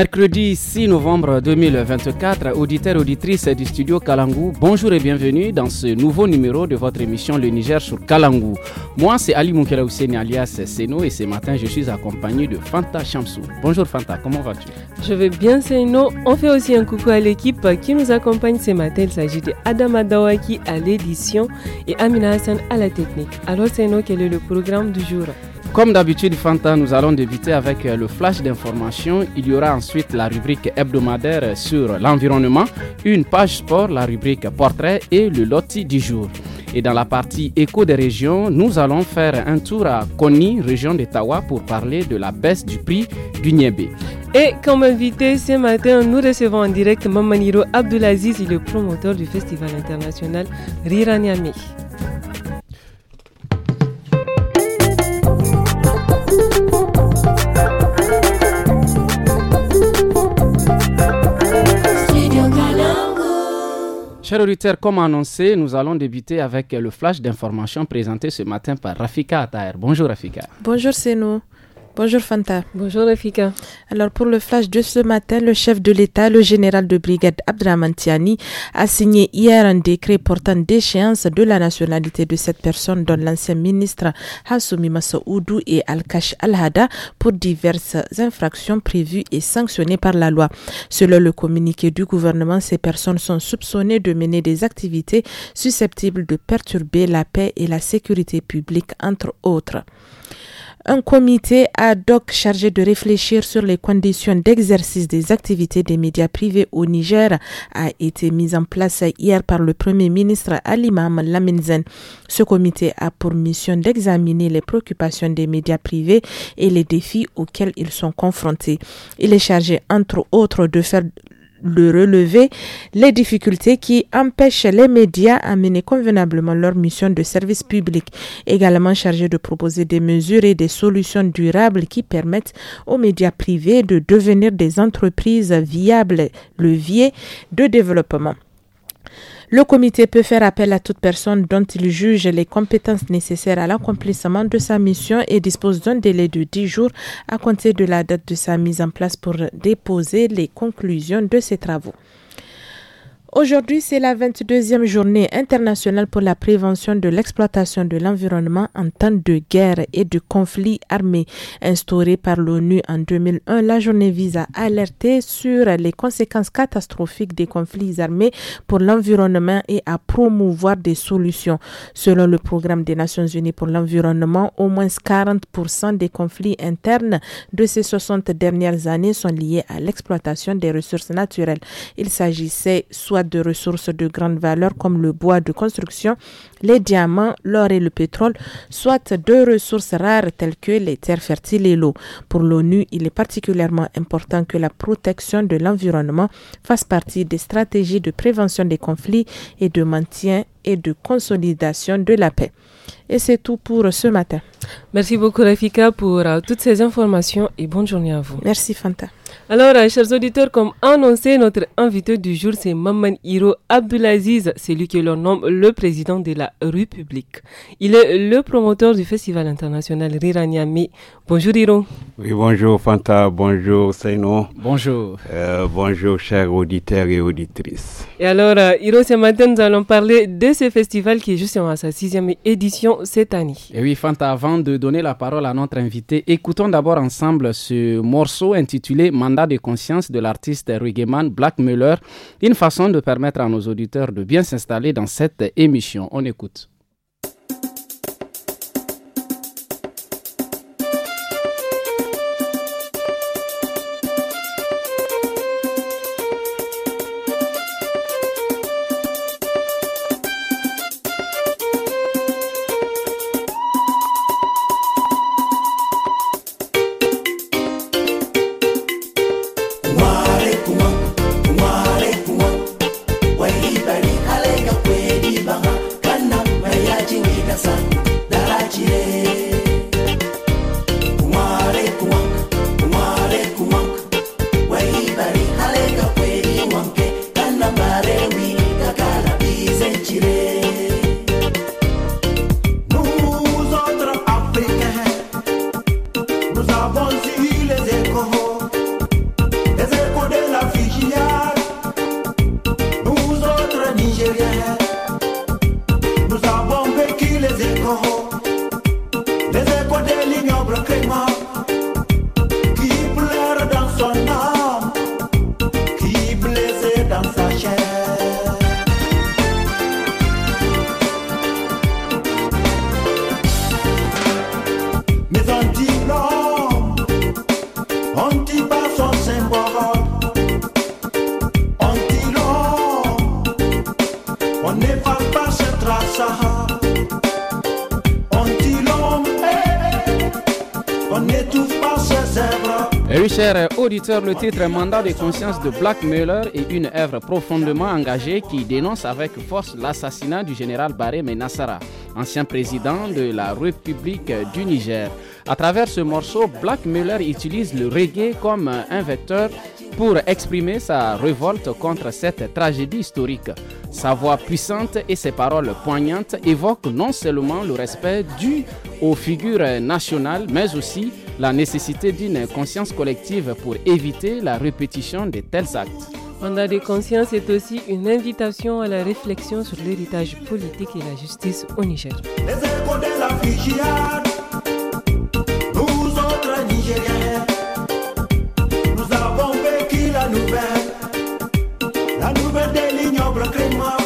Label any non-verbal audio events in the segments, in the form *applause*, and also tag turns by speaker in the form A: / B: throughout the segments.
A: Mercredi 6 novembre 2024, auditeur auditrice du studio Kalangou, bonjour et bienvenue dans ce nouveau numéro de votre émission Le Niger sur Kalangou. Moi, c'est Ali Moukela alias Seno et ce matin, je suis accompagné de Fanta Chamsou. Bonjour Fanta, comment vas-tu
B: Je vais bien Seno. On fait aussi un coucou à l'équipe qui nous accompagne ce matin. Il s'agit de Adama Dawaki à l'édition et Amina Hassan à la technique. Alors Seno, quel est le programme du jour
A: comme d'habitude, Fanta, nous allons débuter avec euh, le flash d'information. Il y aura ensuite la rubrique hebdomadaire euh, sur l'environnement, une page sport, la rubrique portrait et le loti du jour. Et dans la partie écho des régions, nous allons faire un tour à Koni, région Tawa, pour parler de la baisse du prix du niébé.
B: Et comme invité ce matin, nous recevons en direct Mamaniro Abdulaziz, le promoteur du Festival international Riraniami.
A: Chers auditeurs, comme annoncé, nous allons débuter avec le flash d'information présenté ce matin par Rafika Ataer. Bonjour Rafika.
C: Bonjour c'est nous. Bonjour Fanta. Bonjour Rafika. Alors pour le flash de ce matin, le chef de l'État, le général de brigade Abdramantiani, a signé hier un décret portant déchéance de la nationalité de cette personne dont l'ancien ministre Hassoumi Oudou et Al-Kash Al-Hada pour diverses infractions prévues et sanctionnées par la loi. Selon le communiqué du gouvernement, ces personnes sont soupçonnées de mener des activités susceptibles de perturber la paix et la sécurité publique entre autres. Un comité ad hoc chargé de réfléchir sur les conditions d'exercice des activités des médias privés au Niger a été mis en place hier par le Premier ministre Ali Imam Laminzen. Ce comité a pour mission d'examiner les préoccupations des médias privés et les défis auxquels ils sont confrontés. Il est chargé, entre autres, de faire le relever les difficultés qui empêchent les médias à mener convenablement leur mission de service public, également chargé de proposer des mesures et des solutions durables qui permettent aux médias privés de devenir des entreprises viables, leviers de développement. Le comité peut faire appel à toute personne dont il juge les compétences nécessaires à l'accomplissement de sa mission et dispose d'un délai de 10 jours à compter de la date de sa mise en place pour déposer les conclusions de ses travaux. Aujourd'hui, c'est la 22e journée internationale pour la prévention de l'exploitation de l'environnement en temps de guerre et de conflit armés Instaurée par l'ONU en 2001, la journée vise à alerter sur les conséquences catastrophiques des conflits armés pour l'environnement et à promouvoir des solutions. Selon le programme des Nations Unies pour l'environnement, au moins 40% des conflits internes de ces 60 dernières années sont liés à l'exploitation des ressources naturelles. Il s'agissait soit de ressources de grande valeur comme le bois de construction, les diamants, l'or et le pétrole, soit de ressources rares telles que les terres fertiles et l'eau. Pour l'ONU, il est particulièrement important que la protection de l'environnement fasse partie des stratégies de prévention des conflits et de maintien et de consolidation de la paix. Et c'est tout pour ce matin. Merci beaucoup
B: Rafika pour euh, toutes ces informations et bonne journée à vous. Merci Fanta. Alors, euh, chers auditeurs, comme annoncé, notre invité du jour, c'est Maman Hiro Abdulaziz, celui que l'on nomme le président de la République. Il est le promoteur du Festival international Riraniami Bonjour Hiro.
D: Oui, bonjour Fanta, bonjour Seino. Bonjour. Euh, bonjour chers auditeurs et auditrices.
B: Et alors euh, Hiro, ce matin nous allons parler de ce festival qui est justement à sa sixième édition cette année. Et eh oui Fanta, avant de donner la parole à notre
A: invité, écoutons d'abord ensemble ce morceau intitulé Mandat de conscience de l'artiste reggaeman Black Muller, une façon de permettre à nos auditeurs de bien s'installer dans cette émission. On écoute. le titre Mandat de conscience de Black Muller est une œuvre profondément engagée qui dénonce avec force l'assassinat du général Baré Menassara, ancien président de la République du Niger. À travers ce morceau, Black Muller utilise le reggae comme un vecteur pour exprimer sa révolte contre cette tragédie historique. Sa voix puissante et ses paroles poignantes évoquent non seulement le respect dû aux figures nationales, mais aussi la nécessité d'une conscience collective pour éviter la répétition de tels actes.
B: On a des consciences est aussi une invitation à la réflexion sur l'héritage politique et la justice au Niger.
E: Les nous avons vécu la nouvelle obra cremar.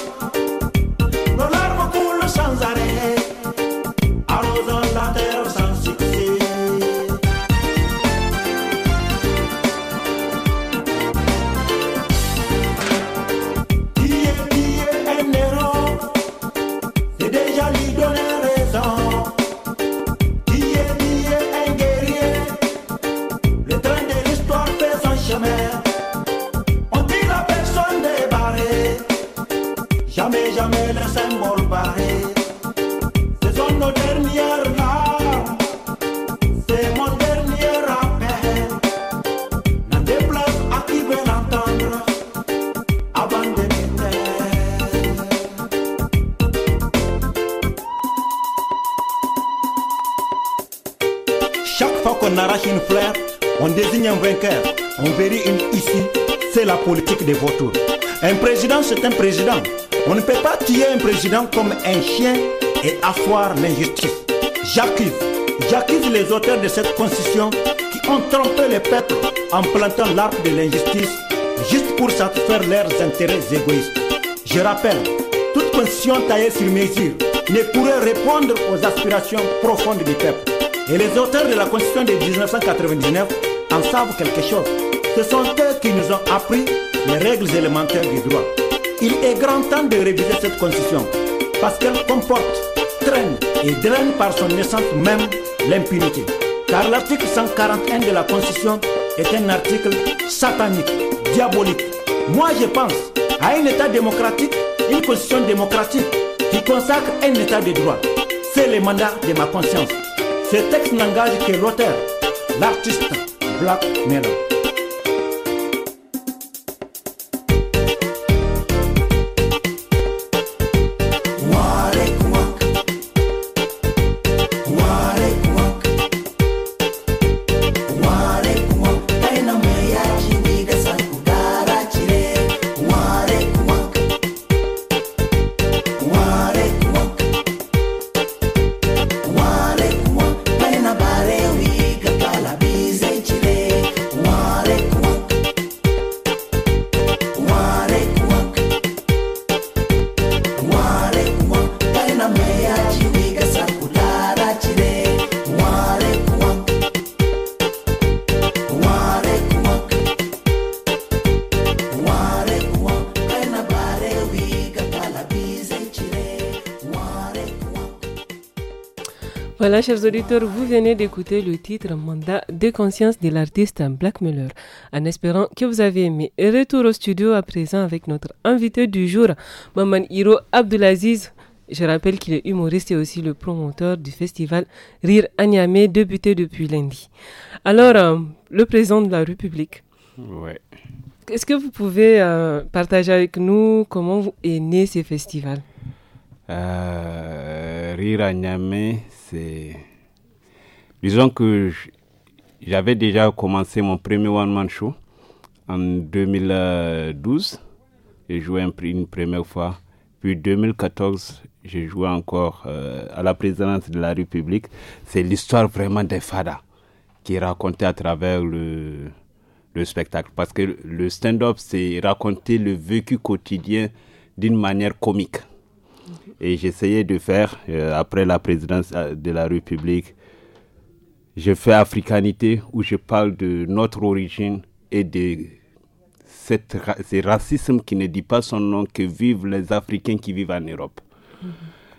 E: des de Un président, c'est un président. On ne peut pas tuer un président comme un chien et asseoir l'injustice. J'accuse, j'accuse les auteurs de cette constitution qui ont trompé les peuple en plantant l'arbre de l'injustice juste pour satisfaire leurs intérêts égoïstes. Je rappelle, toute constitution taillée sur mesure ne pourrait répondre aux aspirations profondes du peuple. Et les auteurs de la constitution de 1999 en savent quelque chose. Ce sont eux qui nous ont appris les règles élémentaires du droit. Il est grand temps de réviser cette constitution parce qu'elle comporte, traîne et draine par son essence même l'impunité. Car l'article 141 de la constitution est un article satanique, diabolique. Moi je pense à un État démocratique, une constitution démocratique qui consacre un État de droit. C'est le mandat de ma conscience. Ce texte n'engage que l'auteur, l'artiste Black Melon.
B: Voilà, chers auditeurs, vous venez d'écouter le titre Mandat de conscience de l'artiste Black Miller » En espérant que vous avez aimé, retour au studio à présent avec notre invité du jour, Maman Hiro Abdelaziz. Je rappelle qu'il est humoriste et aussi le promoteur du festival Rire Agname, débuté depuis lundi. Alors, euh, le président de la République. Ouais. Est-ce que vous pouvez euh, partager avec nous comment est né ce festival
D: euh, Rire Agname, Disons que j'avais déjà commencé mon premier one-man show en 2012. J'ai joué une première fois. Puis 2014, j'ai joué encore euh, à la présidence de la République. C'est l'histoire vraiment des fadas qui est racontée à travers le spectacle. Parce que le stand-up, c'est raconter le vécu quotidien d'une manière comique. Et j'essayais de faire, euh, après la présidence euh, de la République, je fais Africanité où je parle de notre origine et de cette, ce racisme qui ne dit pas son nom que vivent les Africains qui vivent en Europe. Mhm.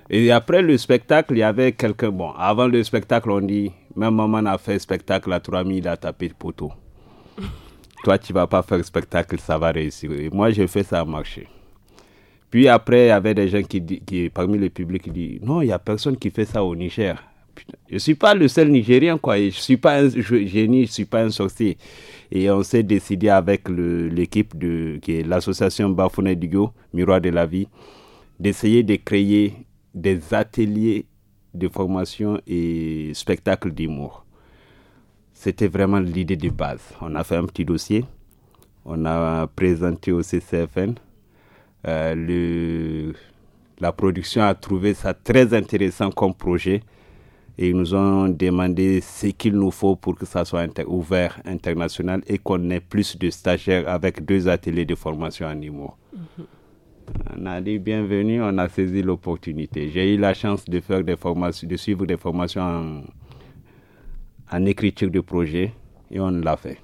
D: Et après le spectacle, il y avait quelques Bon, avant le spectacle, on dit même maman a fait spectacle à 3000, il a tapé le poteau. *laughs* Toi, tu vas pas faire spectacle, ça va réussir. Et moi, je fais ça marcher. Puis après, il y avait des gens qui, qui parmi le public, qui disent Non, il n'y a personne qui fait ça au Niger. je ne suis pas le seul Nigérien, quoi. Je ne suis pas un génie, je ne suis pas un sorcier. Et on s'est décidé avec l'équipe de qui est l'association Bafouné Digo, Miroir de la Vie, d'essayer de créer des ateliers de formation et spectacles d'humour. C'était vraiment l'idée de base. On a fait un petit dossier, on a présenté au CCFN, euh, la production a trouvé ça très intéressant comme projet et ils nous ont demandé ce qu'il nous faut pour que ça soit ouvert international et qu'on ait plus de stagiaires avec deux ateliers de formation animaux. Mhm. On a dit bienvenue, on a saisi l'opportunité. J'ai eu la chance de faire des formations, de suivre des formations en écriture de projet et on l'a fait.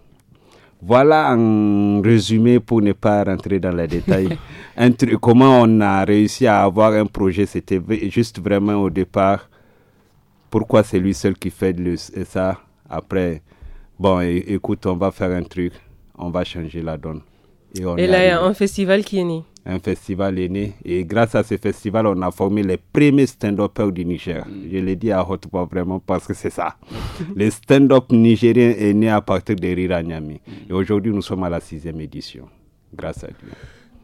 D: Voilà un résumé pour ne pas rentrer dans les détails. *laughs* un truc, comment on a réussi à avoir un projet, c'était juste vraiment au départ. Pourquoi c'est lui seul qui fait le, ça Après, bon, écoute, on va faire un truc, on va changer la donne. Et, on et là, il y a
B: un festival qui est né
D: un festival est né. Et grâce à ce festival, on a formé les premiers stand upers du Niger. Mm. Je l'ai dit à haute voix vraiment parce que c'est ça. *laughs* le stand-up nigérien est né à partir de Riranyami. Mm. Et aujourd'hui, nous sommes à la sixième édition.
A: Grâce à Dieu.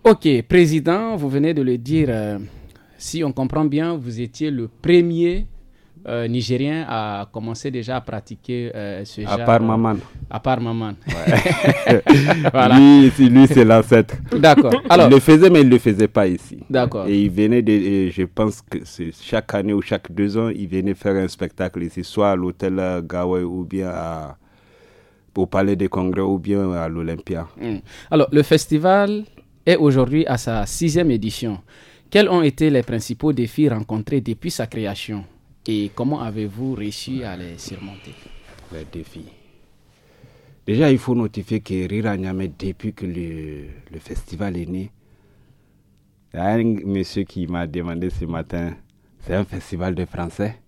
A: Ok, Président, vous venez de le dire. Euh, si on comprend bien, vous étiez le premier euh, Nigérien a commencé déjà à pratiquer euh, ce genre. À part Maman. À part Maman. *laughs* Lui, lui c'est l'ancêtre. D'accord. il le faisait,
D: mais il ne le faisait pas ici. D'accord. Et il venait, je pense que chaque année ou chaque deux ans, il venait faire un spectacle ici, soit à l'hôtel Gawai ou bien au Palais des Congrès ou bien à l'Olympia.
A: Hmm. Alors, le festival est aujourd'hui à sa sixième édition. Quels ont été les principaux défis rencontrés depuis sa création et comment avez-vous réussi à les surmonter Les défis.
D: Déjà, il faut notifier que Rira Niamey, depuis que le, festival est né, il y a un monsieur qui m'a demandé ce matin, c'est un festival de français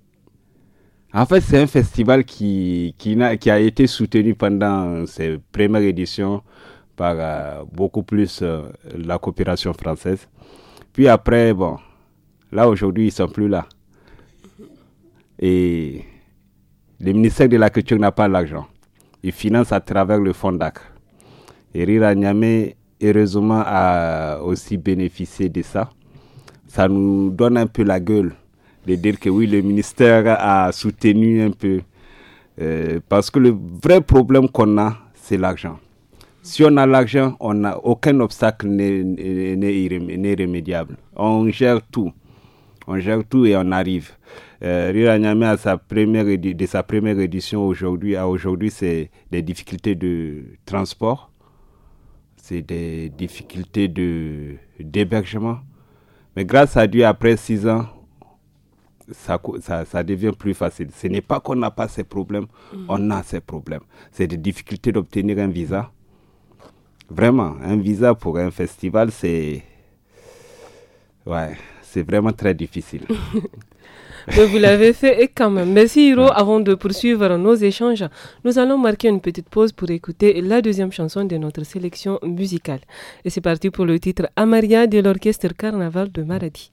D: En fait, c'est un festival qui, qui, a, qui, a, été soutenu pendant ses premières éditions par euh, beaucoup plus euh, la coopération française. Puis après, bon, là aujourd'hui, ils ne sont plus là. Et le ministère de la Culture n'a pas l'argent. Il finance à travers le fonds DAC. Et Rira heureusement, a aussi bénéficié de ça. Ça nous donne un peu la gueule de dire que oui, le ministère a soutenu un peu. Euh, parce que le vrai problème qu'on a, c'est l'argent. Si on a l'argent, on a aucun obstacle n'est irrémédiable. On gère tout. On gère tout et on arrive. Euh, Rira à sa première, de sa première édition aujourd'hui à aujourd'hui, c'est des difficultés de transport, c'est des difficultés de d'hébergement. Mais grâce à Dieu, après six ans, ça, ça, devient plus facile. Ce n'est pas qu'on n'a pas ces problèmes, mm-hmm. on a ces problèmes. C'est des difficultés d'obtenir un visa. Vraiment, un visa pour un festival, c'est... Ouais, c'est vraiment très difficile.
B: *laughs* vous l'avez fait et quand même. Merci Hiro. Avant de poursuivre nos échanges, nous allons marquer une petite pause pour écouter la deuxième chanson de notre sélection musicale. Et c'est parti pour le titre Amaria de l'orchestre Carnaval de Maradi.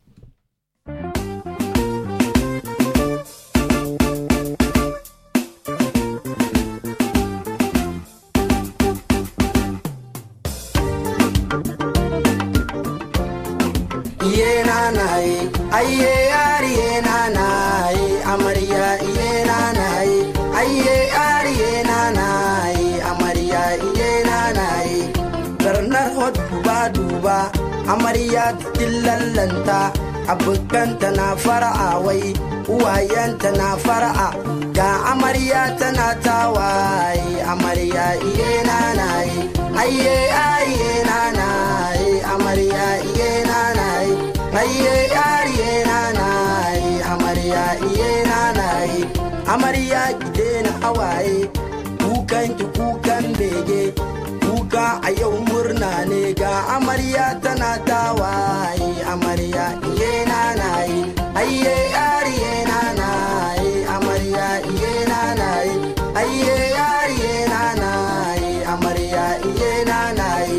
F: amarya dillallanta abokanta na fara'a wai uwayenta na fara'a ga amarya tana tawaye amarya iye nanaye aiye na nanaye amarya iye nanaye aiye na nanaye amarya iye nanaye amarya gide na hawaye kukan ki kukan bege kuka a yau murna ne ga amarya tana tawaye amarya iye na na nanaye aiye na yi amarya iye na na nanaye aiye na yi amarya iye na na nanaye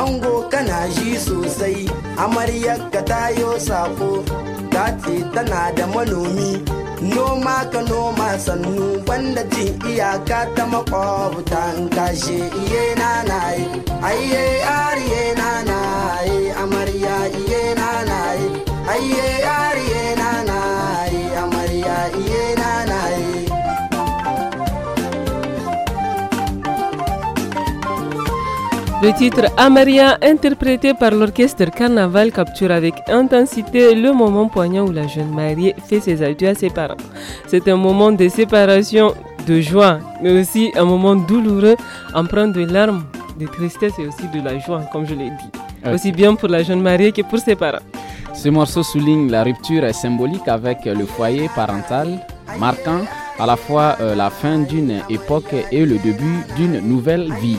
F: ango kana shi sosai amarya ka tayo sako ce tana da manomi noma ka noma sannu wanda ji iyaka ta makwabtan kashe iye na na nanaye aiye na yi amarya iye na yi aiye ariye.
B: Le titre Amaria, interprété par l'orchestre Carnaval, capture avec intensité le moment poignant où la jeune mariée fait ses adieux à ses parents. C'est un moment de séparation, de joie, mais aussi un moment douloureux, empreint de larmes, de tristesse et aussi de la joie, comme je l'ai dit. Aussi bien pour la jeune mariée que pour ses parents. Ce morceau souligne la rupture
A: symbolique avec le foyer parental, marquant à la fois euh, la fin d'une époque et le début d'une nouvelle vie.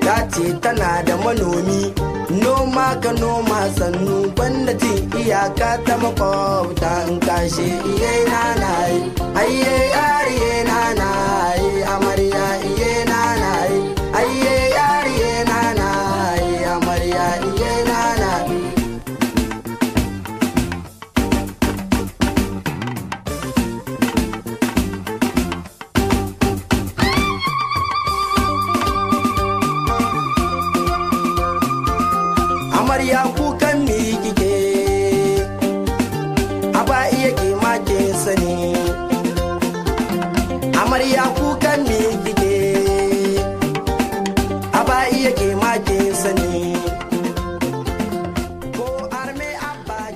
F: ta ce tana da manomi noma ka noma sannu banda ce iyaka ta makwabta in kashe iye na na yi aiye na na yi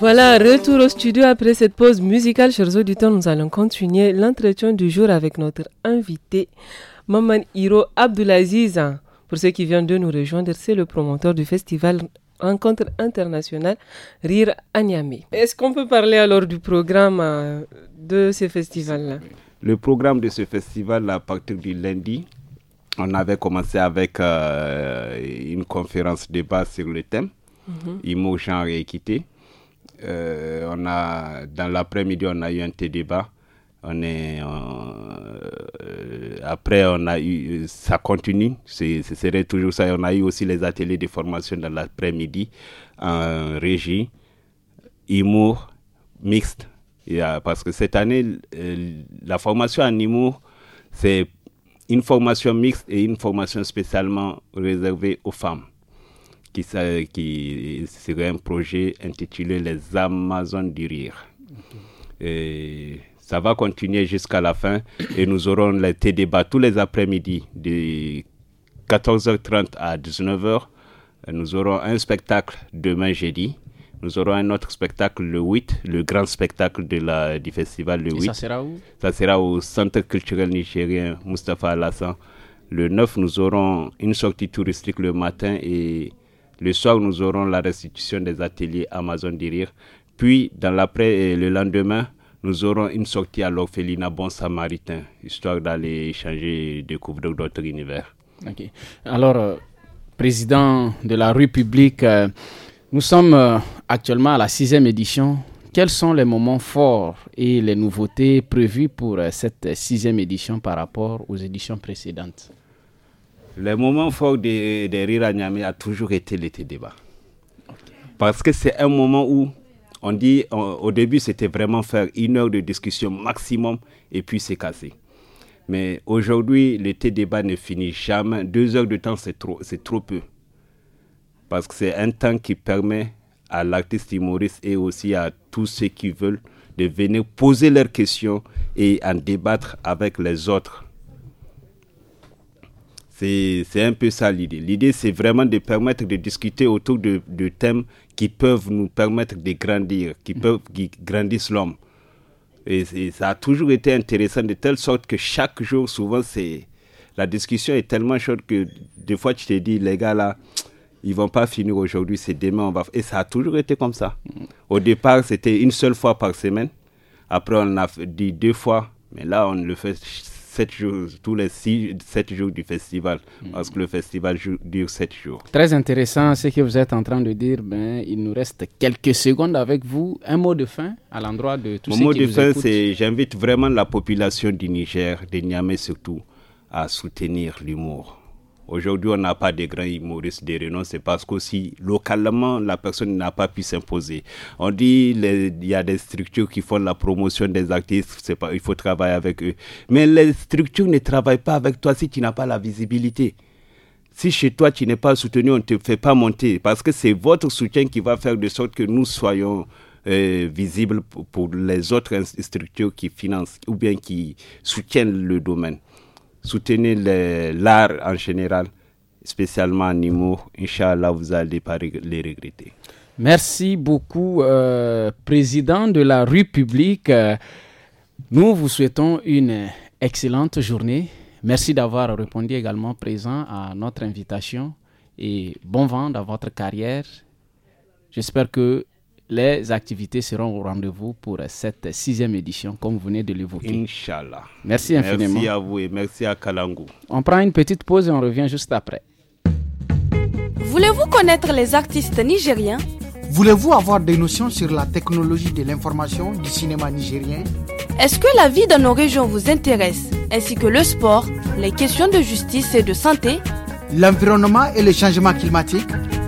B: Voilà, retour au studio après cette pause musicale. Chers auditeurs, nous allons continuer l'entretien du jour avec notre invité, Maman Hiro Abdulaziz. Pour ceux qui viennent de nous rejoindre, c'est le promoteur du festival Rencontre internationale Rire à Est-ce qu'on peut parler alors du programme euh, de ce festival-là
D: Le programme de ce festival, à partir du lundi, on avait commencé avec euh, une conférence débat sur le thème mm genre et équité. Euh, on a, dans l'après-midi, on a eu un thé débat. On est, euh, après, on a eu, ça continue, ce serait toujours ça. On a eu aussi les ateliers de formation dans l'après-midi en régie, humour, mixte. Euh, parce que cette année, la formation en humour, c'est une formation mixte et une formation spécialement réservée aux femmes qui, serait un projet intitulé Les Amazones du rire. Et ça va continuer jusqu'à la fin et nous aurons les débats tous les après-midi de 14h30 à 19h. Nous aurons un spectacle demain jeudi. Nous aurons un autre spectacle le 8, le grand spectacle de la, du festival le 8. ça sera où Ça sera au Centre culturel nigérien Mustapha Alassane. Le 9, nous aurons une sortie touristique le matin et le soir, nous aurons la restitution des ateliers Amazon Rire. Puis, dans l'après, euh, le lendemain, nous aurons une sortie à l'orphelinat Bon Samaritain, histoire d'aller échanger et découvrir d'autres univers.
A: Alors, euh, président de la République, euh, nous sommes actuellement à la sixième édition. Quels sont les moments forts et les nouveautés prévues pour cette sixième édition par rapport aux éditions précédentes
D: le moment fort des de Rira Niamey a toujours été l'été débat. Parce que c'est un moment où on dit, au début, c'était vraiment faire une heure de discussion maximum et puis c'est cassé. Mais aujourd'hui, l'été débat ne finit jamais. Deux heures de temps, c'est trop, c'est trop peu. Parce que c'est un temps qui permet à l'artiste humoriste et aussi à tous ceux qui veulent de venir poser leurs questions et en débattre avec les autres c'est un peu ça l'idée. L'idée, c'est vraiment de permettre de discuter autour de, de, thèmes qui peuvent nous permettre de grandir, qui, mm. peuvent, grandissent l'homme. Et, et, ça a toujours été intéressant de telle sorte que chaque jour, souvent, c'est la discussion est tellement chaude que des fois, tu te dis, les gars là, ils vont pas finir aujourd'hui, c'est demain, on va. Et ça a toujours été comme ça. Mm. Au départ, c'était une seule fois par semaine. Après, on a dit deux fois. Mais là, on le fait 7 jours, tous les 7 jours du festival, mm. parce que le festival dure 7 jours.
A: Très intéressant ce que vous êtes en train de dire. Ben, il nous reste quelques secondes avec vous. Un mot de fin à l'endroit de tout Mon mot de fin, c'est
D: j'invite vraiment la population du Niger, de Niamey surtout, à soutenir l'humour. Aujourd'hui, on n'a pas de grands humoristes, des renoms, c'est parce qu'aussi, localement, la personne n'a pas pu s'imposer. On dit, il y a des structures qui font la promotion des artistes, pas, il faut travailler avec eux. Mais les structures ne travaillent pas avec toi si tu n'as pas la visibilité. Si chez toi tu n'es pas soutenu, on ne te fait pas monter parce que c'est votre soutien qui va faire de sorte que nous soyons euh, visibles pour les autres structures qui financent ou bien qui soutiennent le domaine soutenez l'art en général, spécialement Nimo. Inch'Allah, vous allez pas les regretter.
A: Merci beaucoup, euh, président de la République. Euh, nous vous souhaitons une excellente journée. Merci d'avoir répondu également présent à notre invitation et bon vent dans votre carrière. J'espère que les activités seront au rendez-vous pour cette sixième édition, comme vous venez de l'évoquer. Inch'Allah. Merci infiniment. Merci à
D: vous et merci
A: à Kalangu. On prend une petite pause et on revient juste après.
G: Voulez-vous
H: connaître les artistes nigériens
A: Voulez-vous avoir des notions sur la technologie de l'information
I: du cinéma nigérien
H: Est-ce que la vie dans nos régions vous intéresse, ainsi que le sport, les questions de justice et de santé
I: L'environnement et le changement climatique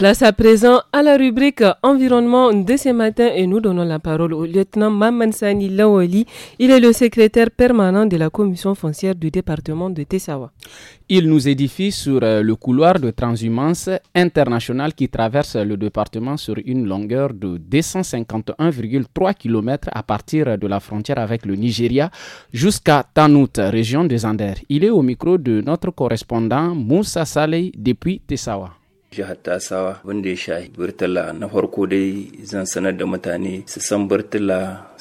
B: Place à présent à la rubrique environnement de ce matin et nous donnons la parole au lieutenant Mamansani Lawali. Il est le secrétaire permanent de la commission foncière du département de Tessawa.
A: Il nous édifie sur euh, le couloir de transhumance international qui traverse le département sur une longueur de 251,3 km à partir de la frontière avec le Nigeria jusqu'à Tanout, région des Anders. Il est au micro de notre correspondant Moussa Saleh depuis Tessawa.
J: jihar tasawa wanda ya shahi birtila na farko dai zan sanar da mutane su san birtila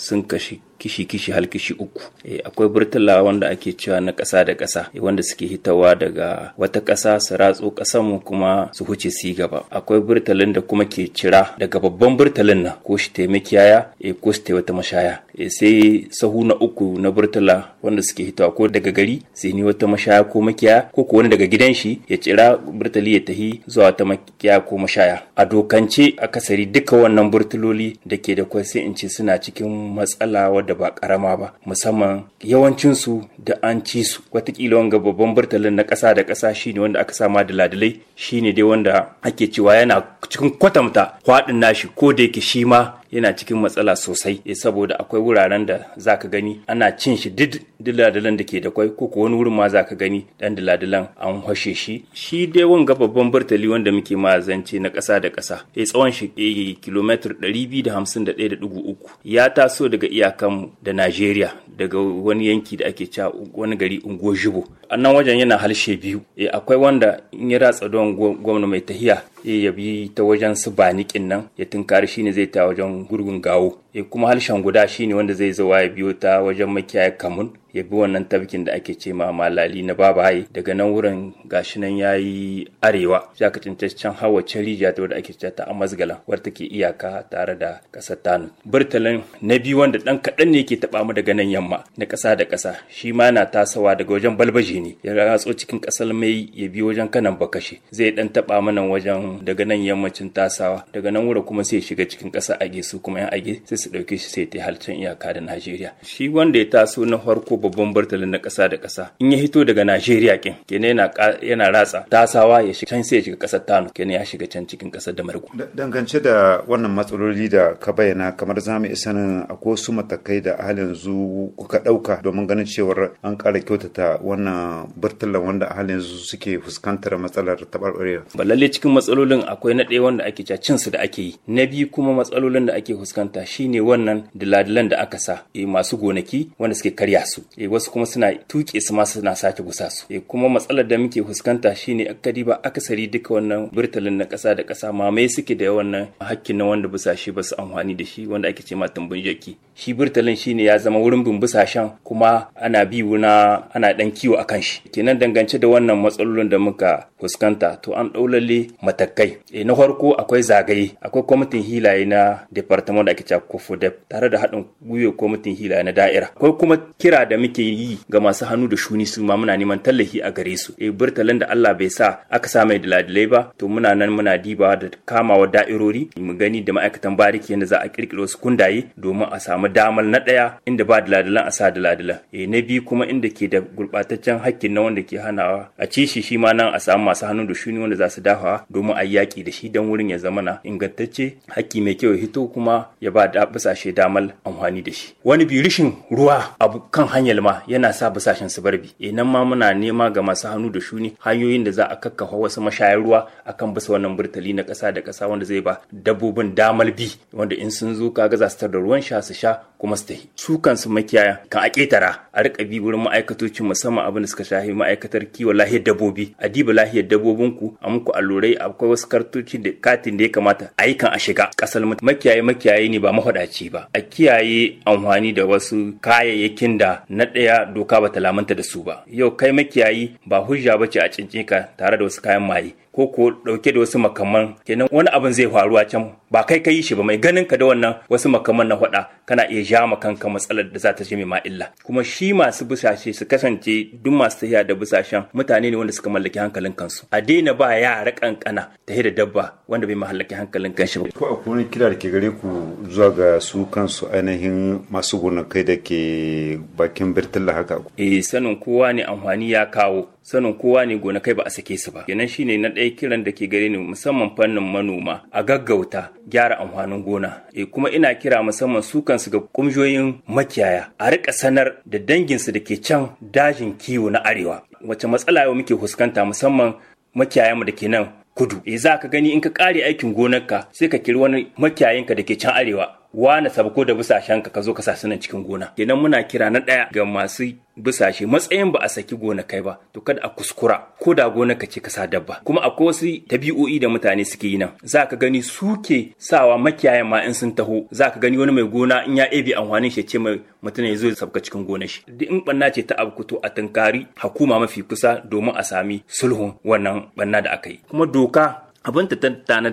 J: sun kashe. kishi-kishi hal kishi uku e, akwai burtula wanda ake cewa na ƙasa da ƙasa e, wanda suke hitawa daga wata ƙasa su ratsu ƙasar mu kuma su huce su gaba akwai burtalin da kuma ke cira daga babban burtalin nan ko shi yaya e, ko shi wata mashaya e, sai sahu na uku na burtula wanda suke hitawa ko daga gari sai ni wata mashaya ko makiya ko ko wani daga gidan shi ya cira burtali ya tahi zuwa wata makiya ko mashaya a dokance akasari duka wannan burtuloli da ke da kwai in ce suna cikin matsala da ba karama ba musamman yawancinsu da an ci su watakila wanga babban burtalin na ƙasa da ƙasa shine wanda aka sama da ladalai shine dai wanda ake cewa yana cikin kwatamta kwaɗin nashi ko da yake shi ma yana cikin matsala sosai eh, saboda akwai wuraren da zaka gani ana cin shi duk diladilan da ke da kwai ko wani wurin ma ka gani dan diladilan an hwashe shi shi dai ga babban burtali wanda muke mazance na ƙasa da ƙasa ya eh, tsawon shi eh, kilomitar 251.3 ya taso daga iyakanmu da Najeriya daga wani yanki da ake cewa wani gari Ungojibo annan wajen yana halshe biyu akwai wanda in ya ratsa don gwamna mai tahiya ya bi ta wajen su banikin nan ya tunkari shine zai ta wajen Gurungau e kuma harshen guda shine wanda zai zo ya biyo ta wajen makiyaya kamun ya bi wannan tafkin da ake ce ma malali na baba haye daga nan wurin gashi nan yi arewa za ka can hawa can rijiya ta wadda ake cewa ta amazgala wadda ke iyaka tare da kasar tanu burtalin na biyu wanda dan kaɗan ne ke taɓa mu daga nan yamma na ƙasa da ƙasa shi ma na tasawa daga wajen balbaje ne ya ratso cikin ƙasar mai ya bi wajen kanan bakashe zai dan taɓa mana wajen daga nan yammacin tasawa daga nan wurin kuma sai shiga cikin ƙasa a su kuma yan age su ɗauke shi sai ta halittar iyaka da Najeriya. Shi wanda ya taso na farko babban bartalin na ƙasa da ƙasa in ya hito daga Najeriya kin kenan yana yana ratsa tasawa ya shiga can sai ya shiga ƙasar Tano kenan ya shiga can cikin ƙasar da Margu.
D: Dangance da wannan matsaloli da ka bayyana kamar za mu isa sanin akwai wasu matakai da a yanzu kuka ɗauka domin ganin cewar an ƙara kyautata wannan bartalan wanda a yanzu suke fuskantar matsalar taɓarɓarewa. Ba lallai
J: cikin matsalolin akwai na ɗaya wanda ake cin su da ake yi na biyu kuma matsalolin da ake fuskanta shi shine wannan diladilan da aka sa e, masu gonaki wanda suke karya su e, wasu kuma suna tuke su ma suna sake gusa su e, kuma matsalar da muke fuskanta shine ba akasari duka wannan burtalin na kasa da kasa mamaye suke da wannan hakkin na wanda shi ba su amfani da shi wanda ake ce ma tambun jaki shi burtalin shine ya zama wurin bin busashen kuma ana bi wuna ana dan kiwo a kan shi kenan dangance da wannan matsalolin da muka fuskanta to an daulale matakai e, na farko akwai zagaye akwai kwamitin hilaye na departament da ake cewa kofodep tare da haɗin gwiwa kwamitin hila na da'ira akwai kuma kira da muke yi ga masu hannu da shuni su ma muna neman tallafi a gare su e burtalin da Allah bai sa aka sa mai diladilai ba to muna nan muna diba da kamawa da'irori mu gani da ma'aikatan bariki yadda za a kirkiro su kundaye domin a samu damar na ɗaya inda ba daladalan a sa daladalan e eh, na biyu kuma inda ke da gurɓataccen hakkin na wanda ke hanawa a ci shi shi ma nan a samu masu hannu da shuni wanda za su dafa domin a yi yaƙi da shi don wurin ya zamana ingantacce hakki mai kyau ya hito kuma ya ba da bisashe damar amfani da shi wani bi rishin ruwa a kan hanyar ma yana sa bisashen su barbi eh, nan ma muna nema ga masu hannu da shuni hanyoyin da za a kakkafa wasu mashayar ruwa akan bisa wannan burtali na kasa da kasa wanda zai ba dabbobin damar bi wanda in sun zo kaga za su tar da ruwan sha su sha kuma su tafi su kansu makiyaya kan a ƙetara a riƙa bi wurin ma'aikatocin musamman abin da suka shafi ma'aikatar kiwon lahiyar dabbobi a diba lahiyar dabbobinku a muku allurai akwai wasu kartoci da katin da ya kamata a yi kan a shiga ƙasar makiyaye makiyaye ne ba mafaɗa wadace ba a kiyaye amfani da wasu kayayyakin da na ɗaya doka ba ta lamanta da su ba yau kai makiyayi ba hujja ba ce a cince ka tare da wasu kayan maye ko ko dauke da wasu makaman kenan wani abin zai faru a can ba kai ka yi shi ba mai ganin ka da wannan wasu makaman na faɗa kana iya ja ma kanka matsalar da za ta ce ma illa kuma shi masu busashe su kasance duk masu tahiya da busashen mutane ne wanda suka mallaki hankalin kansu a daina ba yara kankana ta da dabba wanda bai mahallaki hankalin
K: shi ba ko akwai wani kira da ke gare ku
D: zuwa ga su kansu ainihin masu kai da ke bakin birtilla haka
J: eh sanin kowa ne amfani ya kawo sanin kowa ne gona kai ba a sake su ba kenan ne na ɗaya kiran da ke gare ni musamman fannin manoma a gaggauta gyara amfanin gona e kuma ina kira musamman su kansu ga kumjoyin makiyaya a rika sanar da danginsu da ke can dajin kiwo na arewa wace matsala yau muke fuskanta musamman makiyayanmu da ke nan kudu e za ka gani in ka kare aikin gonarka sai ka kiri wani makiyayinka da ke can arewa wane sabko da busashenka ka zo ka sa suna cikin gona kenan muna kira na ɗaya ga masu busashe matsayin ba a saki gona kai ba to kada a kuskura ko da gona ka ce ka sa dabba kuma akwai wasu tabi'o'i da mutane suke yi nan za ka gani suke sawa makiyaya ma in sun taho za ka gani wani mai gona in ya ebe amfanin shi ce mai mutum ya zo ya sabka cikin gona shi duk in banna ce ta abu to a tunkari hakuma mafi kusa domin a sami sulhun wannan banna da aka yi kuma doka abin ta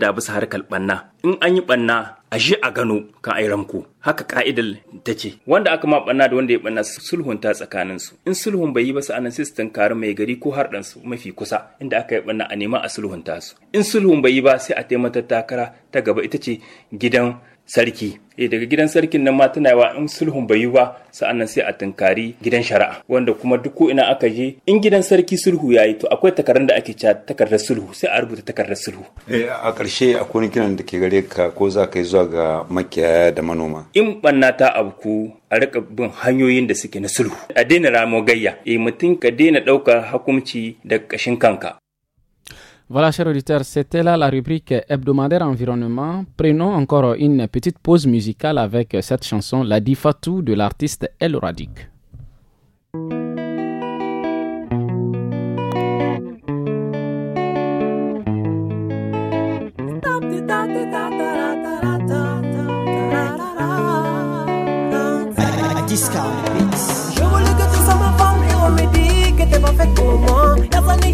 J: da bisa harkar ɓanna. in an yi banna a shi a gano kan ai ramko haka ka'idar ta ce wanda aka ma banna da wanda ya banna sulhunta tsakanin su in sulhun bai yi ba sa'anan sai su tankari mai gari ko har su mafi kusa inda aka yi banna a nema a sulhunta su in sulhun bai yi ba sai a taimata takara ta gaba ita ce gidan sarki eh daga gidan sarkin nan ma tana yawa in sulhun bai yi ba sa'annan sai a tunkari gidan shari'a wanda kuma duk ko ina aka je in gidan sarki sulhu yayi to akwai takardar da ake cewa takardar sulhu sai a rubuta takardar sulhu
D: eh a ƙarshe akwai kiran da ke gare ka ko za ka yi zuwa ga
K: makiyaya da manoma in banna ta abku a rika
J: bin hanyoyin da suke na
K: sulhu a daina
J: ramo gayya eh mutum ka daina ɗaukar hukunci da ƙashin kanka
A: Voilà, chers auditeurs, c'était là la rubrique hebdomadaire environnement. Prenons encore une petite pause musicale avec cette chanson, La Difatou de l'artiste El Radik.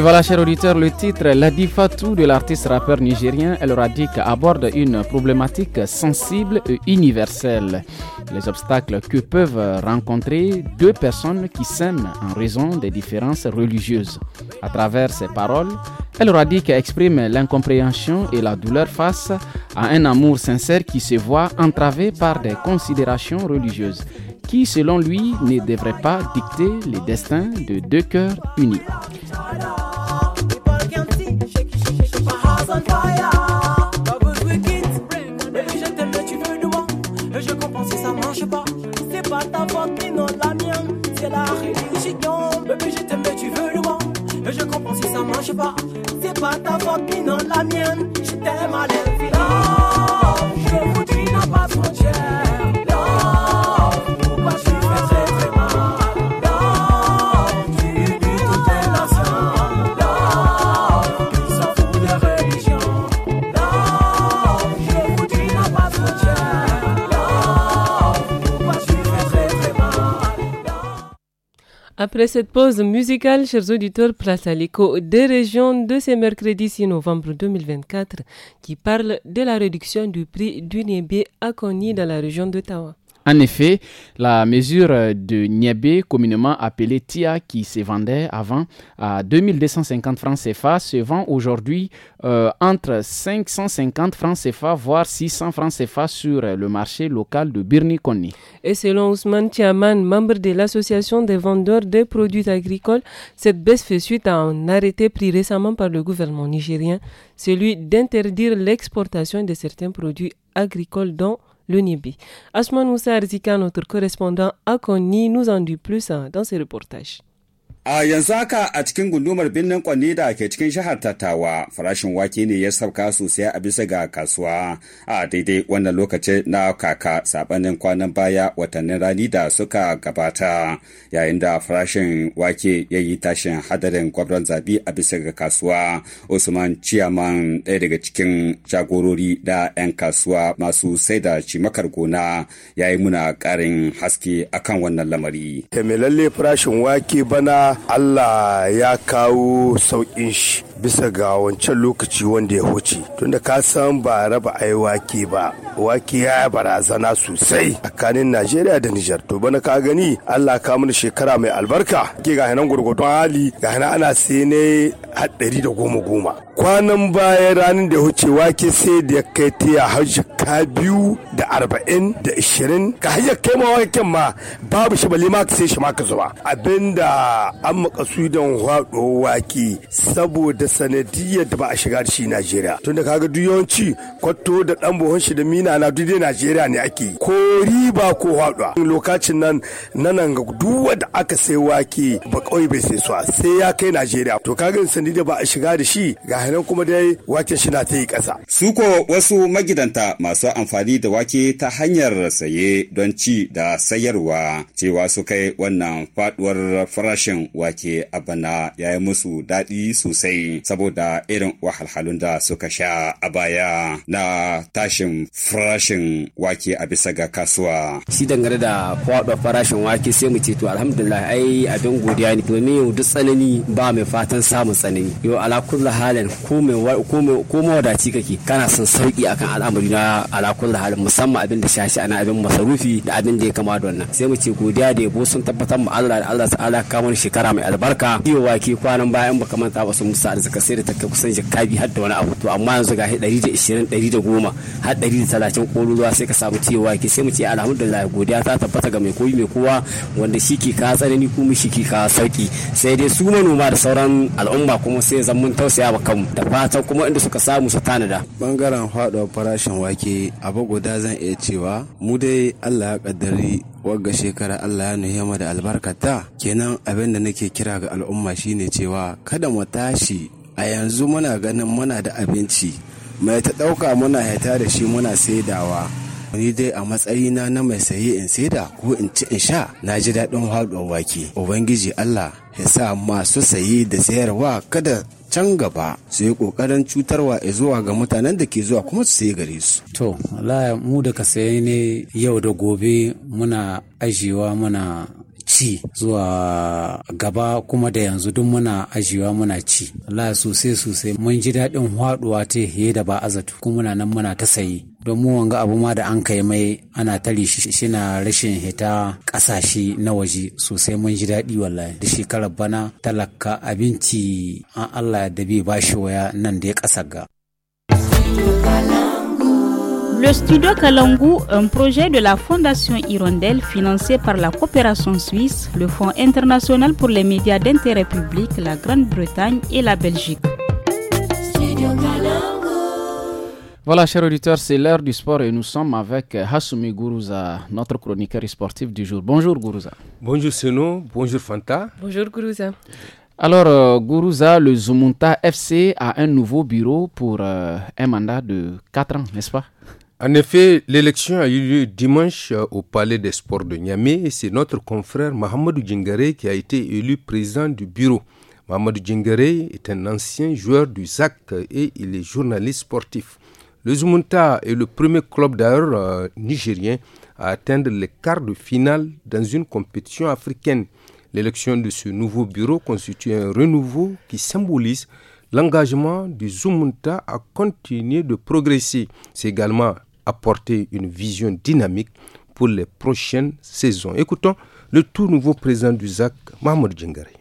A: voilà, chers auditeurs, le titre La fatou de l'artiste rappeur nigérien El Radik aborde une problématique sensible et universelle. Les obstacles que peuvent rencontrer deux personnes qui s'aiment en raison des différences religieuses. À travers ses paroles, El Radik exprime l'incompréhension et la douleur face à un amour sincère qui se voit entravé par des considérations religieuses qui, selon lui, ne devraient pas dicter les destins de deux cœurs unis.
G: C'est pas ta voix qui non la mienne. Je t'aime à l'infini.
B: Après cette pause musicale, chers auditeurs, place à l'écho des régions de ce mercredi 6 novembre 2024 qui parle de la réduction du prix du Nébé à Kony dans la région d'Ottawa.
A: En effet, la mesure de Niébé, communément appelée TIA, qui se vendait avant à 2250 francs CFA, se vend aujourd'hui euh, entre 550 francs CFA, voire 600 francs CFA sur le marché local de birni
B: Et selon Ousmane Tiaman, membre de l'association des vendeurs de produits agricoles, cette baisse fait suite à un arrêté pris récemment par le gouvernement nigérien, celui d'interdire l'exportation de certains produits agricoles dont le Nibi. Asman Moussa Arzika, notre correspondant à Kony, nous en dit plus hein, dans ses reportages.
K: A yanzu haka a cikin gundumar birnin Kwanne da ke cikin shahar Tattawa farashin wake ne ya sauka sosai a bisa ga kasuwa a daidai wannan lokacin na kaka sabanin kwanan baya watannin rani da suka gabata yayin da farashin wake ya yi tashin hadarin gwabran zabi a bisa ga kasuwa Usman Ciyaman ɗaya daga cikin jagorori da 'yan kasuwa masu saida da cimakar gona ya yi muna ƙarin haske akan wannan lamari.
L: farashin wake bana Allah ya kawo sauƙin shi bisa ga wancan lokaci wanda ya huce tunda ka san ba raba ai wake ba wake ya barazana sosai tsakanin najeriya da nijar to bana ka gani allah ka mana shekara mai albarka ke ga nan gurgurdon hali ga nan ana sai ne haɗari da goma goma kwanan baya ranar da huce wake sai da ya kai tiya hajji ka biyu da arba'in da ishirin ka hanyar kai ma waken ma babu shi bali ma sai shi ma ka zuba abinda an don hwaɗo wake saboda sanadiyar da ba a shiga da shi Najeriya tun da kaga duk yawanci kwato da dan buhun shi da mina na duk Najeriya ne ake ko riba ko haɗuwa lokacin nan nan ga duk wanda aka sai wake ba kawai bai sai su sai ya kai Najeriya to kaga sanadiyar ba a shiga da shi ga hanan kuma dai wake shi na ta yi ƙasa
K: ko wasu magidanta masu amfani da wake ta hanyar saye don ci da sayarwa cewa su kai wannan faduwar farashin wake a bana ya yi musu daɗi sosai saboda irin wahalhalun da suka sha a baya na tashin farashin wake a bisa ga kasuwa. Shi dangane da kwaɗa farashin wake sai mu ce to alhamdulillah ai abin godiya ne domin yau duk tsanani ba mai fatan samun tsanani. Yau ala kullu halin
J: ko wadaci kake kana son sauki akan al'amari na ala kullu halin musamman abin da shashi ana abin masarufi da abin da ya kama da wannan. Sai mu ce godiya da yabo sun tabbatar mu Allah da Allah ta'ala kamar shekara mai albarka. Yau wake kwanan bayan baka manta ba sun musa suka sai da ta kusan jakabi har da wani abu to amma yanzu ga hadari da ishirin ɗari da goma har ɗari da talatin ƙoro ruwa sai ka samu cewa
M: ke sai mu ce alhamdulillah godiya ta tabbata ga mai koyi mai kowa wanda shi ke ka tsanani kuma shi ke ka sauki sai dai su manoma da sauran al'umma kuma sai zan mun tausaya ba kanmu da fatan kuma
J: inda suka samu su tanada.
D: bangaren faɗuwar farashin wake abu guda zan iya cewa mu dai allah ya kaddari wagga shekara Allah ya nuhima da albarkata kenan abin da nake kira ga al'umma shine cewa kada mu tashi a yanzu muna ganin muna da abinci mai ta ɗauka muna haita da shi muna saidawa ni dai a
L: matsayina na mai saye in saida ko in ci in sha na ji daɗin haɗuwar wake ubangiji allah ya sa masu saye da sayarwa kada can gaba su yi ƙoƙarin cutarwa zuwa ga mutanen da ke zuwa kuma su sayi gare su.
A: To, mu da ka saye ne yau da gobe muna ajiyewa muna ci zuwa gaba kuma da yanzu duk muna ajiyewa muna ci la sosai sosai mun ji daɗin
M: haɗuwa ta hiye da ba azatu kuma muna nan muna ta sayi don mu wanga abu ma da an kai mai ana tare shi shina rashin hita ƙasashe na waje sosai mun ji daɗi wallahi da shekarar bana talaka abinci an Allah da bai bashi waya nan da ya ƙasa ga.
N: Le studio Kalangu, un projet de la Fondation Hirondelle financé par la coopération suisse, le Fonds international pour les médias d'intérêt public, la Grande-Bretagne et la Belgique.
A: Voilà, chers auditeurs, c'est l'heure du sport et nous sommes avec Hassoumi Gourouza, notre chroniqueur sportif du jour. Bonjour Gourouza. Bonjour Seno, bonjour Fanta.
B: Bonjour Gourouza.
A: Alors, euh, Gourouza, le Zumunta FC a un nouveau bureau
O: pour euh, un mandat de 4 ans, n'est-ce pas en effet, l'élection a eu lieu dimanche euh, au Palais des Sports de Niamey et c'est notre confrère Mohamed Djingare qui a été élu président du bureau. Mahamadou Djingare est un ancien joueur du ZAC euh, et il est journaliste sportif. Le Zumunta est le premier club d'ailleurs euh, nigérien à atteindre les quarts de finale dans une compétition africaine. L'élection de ce nouveau bureau constitue un renouveau qui symbolise l'engagement du Zumunta à continuer de progresser. C'est également apporter une vision dynamique pour les prochaines saisons. Écoutons le tout nouveau président du ZAC, Mahmoud
P: Djingari.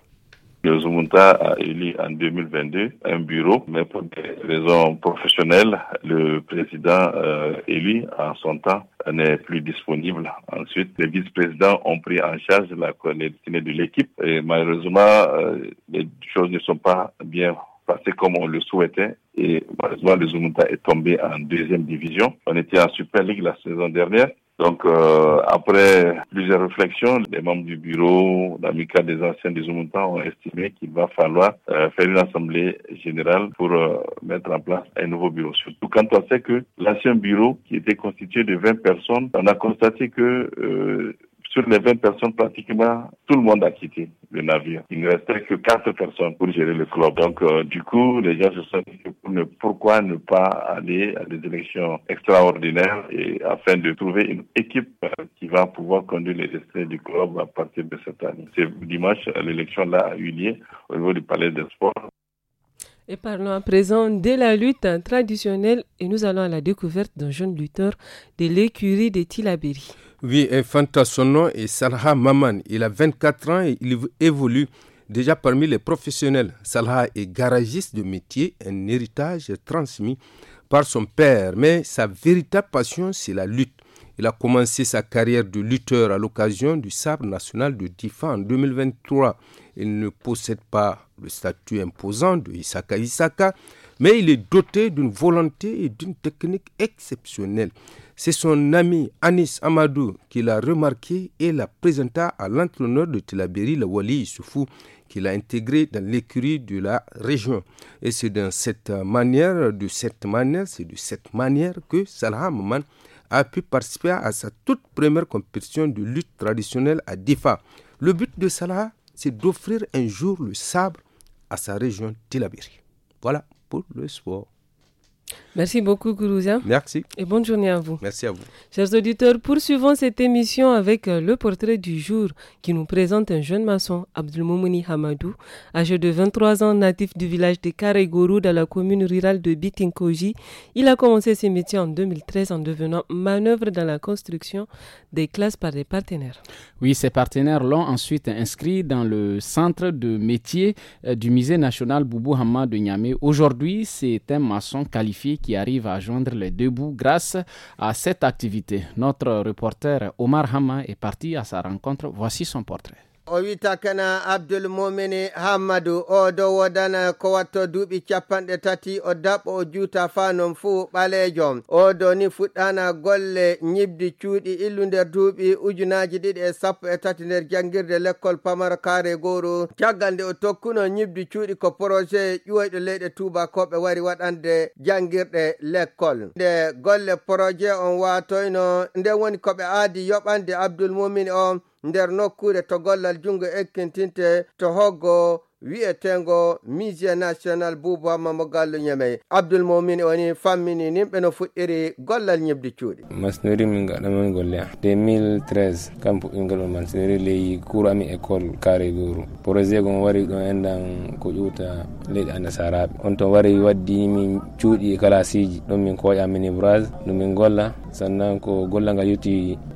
P: Le Zumunta a élu en 2022 un bureau, mais pour des raisons professionnelles, le président euh, élu en son temps n'est plus disponible. Ensuite, les vice-présidents ont pris en charge la destinée de l'équipe et malheureusement, euh, les choses ne sont pas bien passé comme on le souhaitait. Et malheureusement, le Zumunta est tombé en deuxième division. On était en Super League la saison dernière. Donc, euh, après plusieurs réflexions, les membres du bureau, l'amicale des anciens des Zumunta ont estimé qu'il va falloir euh, faire une assemblée générale pour euh, mettre en place un nouveau bureau. Surtout quand on sait que l'ancien bureau, qui était constitué de 20 personnes, on a constaté que sur les 20 personnes, pratiquement tout le monde a quitté le navire. Il ne restait que quatre personnes pour gérer le club. Donc, euh, du coup, les gens se sont dit pourquoi ne pas aller à des élections extraordinaires et afin de trouver une équipe euh, qui va pouvoir conduire les essais du club à partir de cette année. C'est dimanche, l'élection là a eu lieu au niveau du palais des sports.
B: Et parlons à présent de la lutte traditionnelle et nous allons à la découverte d'un jeune lutteur de l'écurie de Tilaberi.
O: Oui, et Fanta, son nom est Salha Maman. Il a 24 ans et il évolue déjà parmi les professionnels. Salha est garagiste de métier, un héritage transmis par son père. Mais sa véritable passion, c'est la lutte. Il a commencé sa carrière de lutteur à l'occasion du sabre national de Difa en 2023. Il ne possède pas le statut imposant de Isaka Isaka, mais il est doté d'une volonté et d'une technique exceptionnelle. C'est son ami Anis Amadou qui l'a remarqué et la présenté à l'entraîneur de Tilaberi, le Wali Issoufou, qu'il a intégré dans l'écurie de la région. Et c'est dans cette manière, de cette manière, c'est de cette manière que Salah Maman a pu participer à sa toute première compétition de lutte traditionnelle à Difa. Le but de Salah, c'est d'offrir un jour le sabre à sa région Tilabiri. Voilà pour le sport.
B: Merci beaucoup, Kourouzia. Merci. Et bonne journée à vous. Merci à vous. Chers auditeurs, poursuivons cette émission avec euh, le portrait du jour qui nous présente un jeune maçon, Abdulmoumouni Hamadou, âgé de 23 ans, natif du village de Karégourou dans la commune rurale de Bitinkoji. Il a commencé ses métiers en 2013 en devenant manœuvre dans la construction des classes par des partenaires.
A: Oui, ses partenaires l'ont ensuite inscrit dans le centre de métier euh, du musée national Boubou Hamadou de Niamey. Aujourd'hui, c'est un maçon qualifié qui arrive à joindre les deux bouts grâce à cette activité. Notre reporter Omar Hama est parti à sa rencontre. Voici son portrait.
I: o wita kana abdulmumini hammadou o dow wodana ko watto duuɓi capanɗe tati o daɓɓo o juuta faa non fuu ɓaleejom o do ni fuɗɗana golle ñibdi cuuɗi illu nder duuɓi ujunaji ɗiɗi e sappo e tati nder janngirde lekkol pamar kaare gooru caggal nde o tokkuno ñibdi cuuɗi ko projet ƴuwoyɗo leyɗe tubakoɓe wari waɗande janngirɗe lekkol nde golle projet on watoyno nden woni koɓe aadi yoɓande abdulmumini o nder nokkure to gollal jungo ekkintinte to hoggo wi'etengo musée national boubou hamma gallo ñamey abdoul momin woni fammini nimɓe no fuɗɗiri gollal ñebdi cuuɗi
Q: masnori min gaɗaman golle 2013 kam puɗɗingal o masnori leyi cour ami école carré goru projet gon wari ɗon endan ko ƴuuta leyɗi anasaraɓe on to wari waddi min cuuɗi e classeji ɗum min koƴa min ibrage e ɗum min golla sannan ko yotti yuti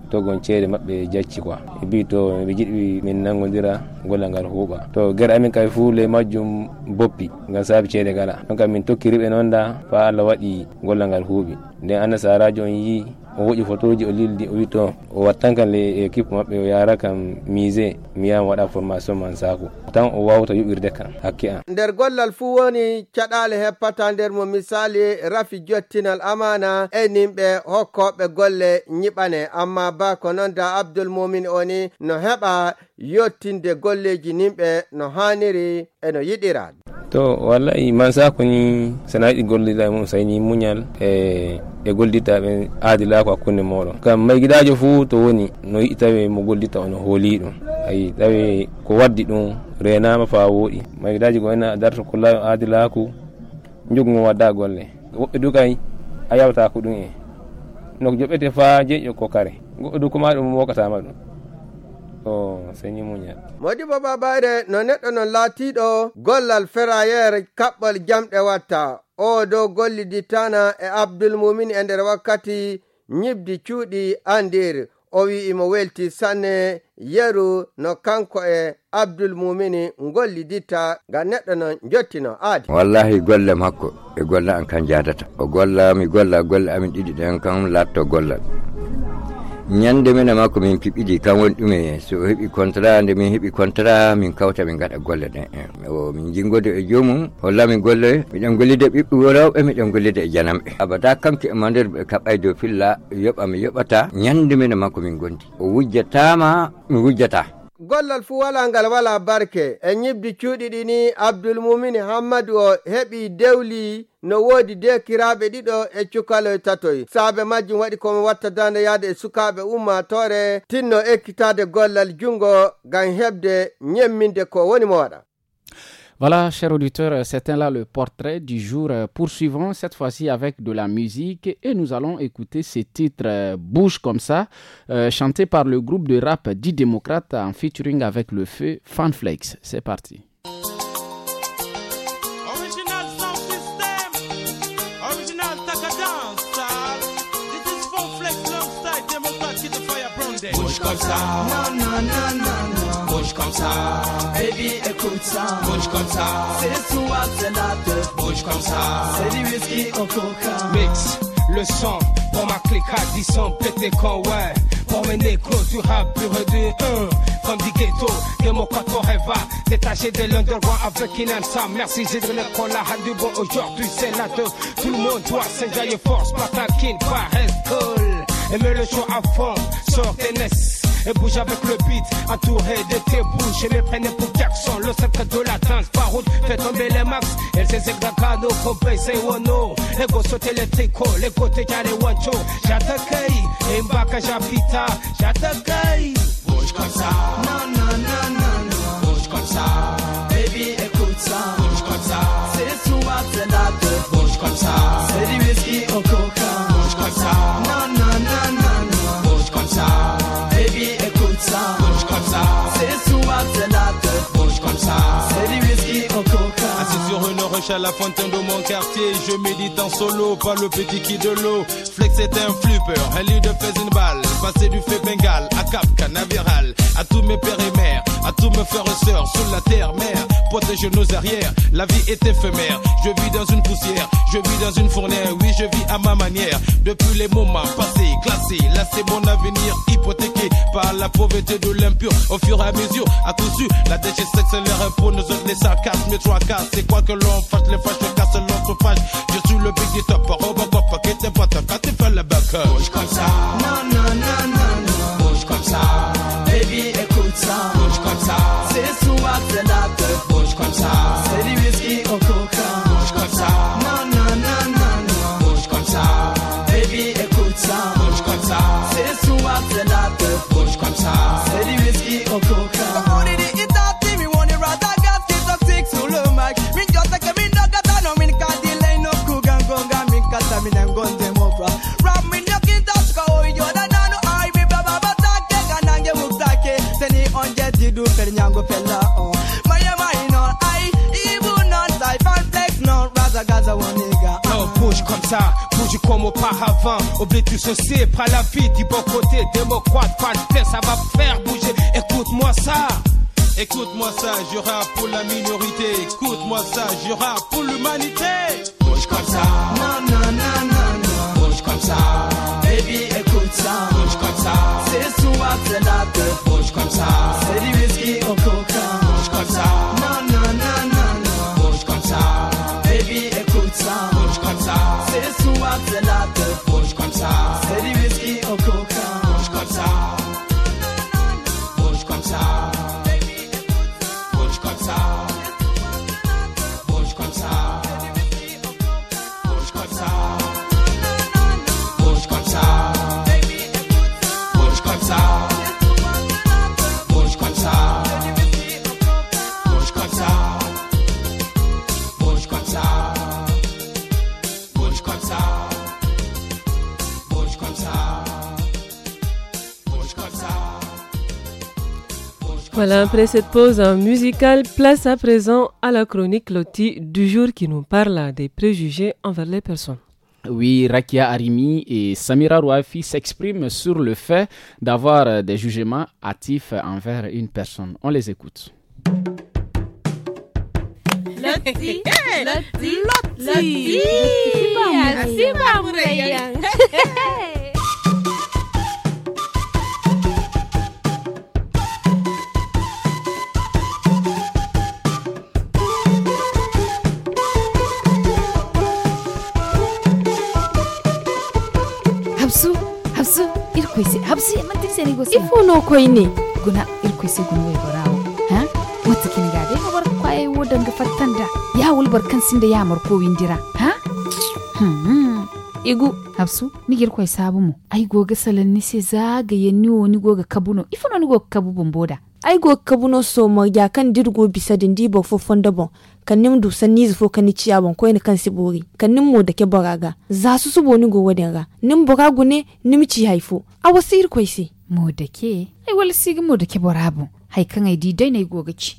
Q: togon ceede mabbe jacci kwa e to ɓe jiɗi min nangodira gollangal huuɓa to gueɗe amin kay fu le majum boppi nga saabi cede gala donc min tokkiriɓe noon da fa allah waɗi gollangal huuɓi nden annasarajo on yi. o woƴi photoji o lildi o wito o wattan kam le équipe e maɓɓe o yara kam misé mi yahan waɗa formation man sako tan o wawta yuɓirde kam hakke an
I: nder gollal fuu woni caɗale heppata nder mo misali rafi jottinal amana e nimɓe hokkoɓe golle ñiɓane amma ba ko noon da abdoul momin o ni no heɓa yottinde golleji nimɓe no haniri eno yiɗira
Q: to wallahi man sa ko ni sanaji gollida e mum sai ni munyal e e gollita ɓe aadila ko hakkunde moɗon gam may fuu to woni no yiɗi tawe mo gollita ono hooli ɗum ayi tawe ko waddi ɗum renama fa wooɗi may gidaji ko wayna darto kollayo aadilaku jogumo wadda golle woɓɓe du kay a yawtako ɗum e no joɓete fa jeeƴo ko kare goɗɗo du koma ɗum mokatama ɗum o oh, seni muñal
I: modibo babaɗe no neɗɗo no laatiɗo gollal ferayere kaɓɓol jamɗe watta o dow gollidi tana e abdulmumin e nder wakkati ñibdi cuuɗi andir o wi'imo welti sanne yeru no kanko e abdulmumini golliditta ngam neɗɗo no jottino aadi wallahi golle makko e golle an kan jadata o gollami golla golle amin ɗiɗi ɗen kam latto gollal ñande min ma ko min piɓiɗi kan woni ɗume so heɓi contrat nde min heɓi contrat min kawta min gaɗa golle ɗen eh, o min jinggode eh, e joomum hollamin golle miɗen gollide ɓiɓɓe worawɓe miɗen gollide e janamɓe abada kanko ema nder ɓe dow filla yoɓa mi yoɓata ñande min ma ko min gondi o wujjatama mi wujjata gollal fuu wala ngal wala barke e ñibdi cuuɗiɗi ni abdulmumin hammadu o heɓi dewli no woodi dekiraaɓe ɗiɗo e cukaloy tatoy saabe majjum waɗi komo watta dande yahde e sukaaɓe ummatoore tinno ekkitaade gollal junngo ngam heɓde ñemminde ko woni mo waɗa
A: Voilà, chers auditeurs, un là le portrait du jour. Euh, Poursuivons cette fois-ci avec de la musique et nous allons écouter ce titre euh, Bouge comme ça, chantés euh, chanté par le groupe de rap dit démocrates en featuring avec le feu Fanflex. C'est parti.
R: comme ça bouge comme ça. Baby, écoute ça, bouge comme ça. C'est toi, c'est la tête, bouge comme ça. C'est du whisky au coca. Mix, le son, pour ma clique à 10 ans, pété quand ouais. Pour mes négros du rap pur du Comme dit ghetto, que mon corps va Détaché de l'underground avec Inansa Merci j'ai donné pour la halle du bon Aujourd'hui c'est la deux Tout le monde doit s'enjailler force Pas taquine, pas reste et mets le show à fond, sors tes nesses et bouge avec le beat, entouré de tes bouches et me prenez pour Jackson, le secret de la danse, route fait tomber les max, elle s'est zagano, compé, c'est wono, et go sauter les tricots, les côtés les wancho, j'attaque, et mbaka j'habita, j'attaque, bouge comme ça, non, non, non, non, non, bouge comme ça, baby écoute ça, bouge comme ça, c'est sous ma tête, bouge comme ça, à la fontaine de mon quartier. Je médite en solo, pas le petit qui de l'eau. Flex est un flipper, un de fais une balle. Passer du fait bengal à Cap Canaveral, à tous mes pères et mères à tout me faire et sous la terre mère. Protège nos arrières, la vie est éphémère. Je vis dans une poussière, je vis dans une fournaise. Oui, je vis à ma manière. Depuis les moments passés, classés, là c'est mon avenir hypothéqué par la pauvreté de l'impur. Au fur et à mesure, à tout la DG s'accélère pour nous autres les sarcasmes, mais trois cas. C'est quoi que l'on fasse, les fâches, le casse, l'autre fâche. Je suis le big du top, Robocop, paquet pas boîte, quand tu fais la Bouge comme ça, non, non, non, non, non, bouge comme ça, baby, ça, bouge comme ça. C'est soir, c'est la teuf, bouge comme ça. C'est du whisky au coca, bouge comme ça. Non, non, non, non, non, bouge comme ça. Baby, écoute ça, bouge comme
F: go oh. uh. on.
R: bouge comme ça, bouge comme auparavant. Oublie tout ceci, prends la vie du bon côté. Démocrate, pas de ça va faire bouger. Écoute-moi ça. Écoute-moi ça, je rappe pour la minorité. Écoute-moi ça, je rappe pour l'humanité. Bouge comme ça. Non, non, non, non, comme ça. Baby, écoute ça. Bouge comme ça. C'est soit c'est la te Bouge comme ça.
B: après cette pause musicale, place à présent à la chronique Loti du jour qui nous parle des préjugés envers les personnes.
A: Oui, Rakia Arimi et Samira Rouafi s'expriment sur le fait d'avoir des jugements hâtifs envers une personne. On les écoute.
C: *laughs*
N: kwese habsi mantise ni gusa ifuno ko ine guna ir kwese gunu we barawo ha ya ya marko windira ha hmm. igu habsu nigir kwai sabu mu ai goga salan ni se zagaye
H: ni goga kabuno ni goga kabu bomboda go kabuno ma ya kan dirgo bisa dindi ba fofon da bon nim du sanni zufo kani ciya bon kan sibori nim mo da ke boraga za su su boni go wadin ga nim boragu ne nim ci haifo a wasir koisi mo da ke ai wal sig mo da ke borabu hai kan ai di dai go gaci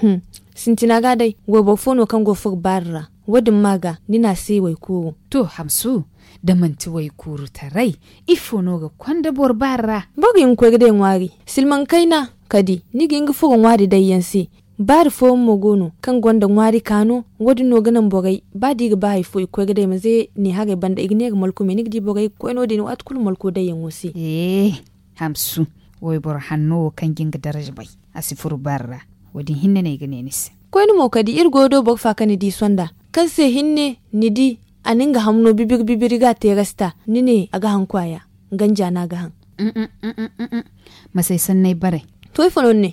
H: hmm sintina ga dai go fono kan go fur barra wadin maga nina sai wai ko
N: to hamsu da manti wai kuru tarai ifo no ga kwanda bor barra
H: kwegde ngwari silman kaina kadi nigi ngi fugo ngwari dai yansi bari fo mo gono kan gonda ngwari kano wadi no ganan bogai ba diga ba hay fo ikoy gadai maze ni hage banda igne ga malku me nigdi bogai ko eno dini wat kul malku dai yangosi eh
N: hamsu woy bor hanno kan ginga daraja bai asifuru barra wadin hinne ne gane
H: nisi ko eno mo kadi ir godo bog fa kan di sonda kan se hinne ni di ga hamno bibig bibiriga tegasta nine aga hankwaya ganja na gahan
G: mm -mm, mm
H: masai sannai bare toifonon ne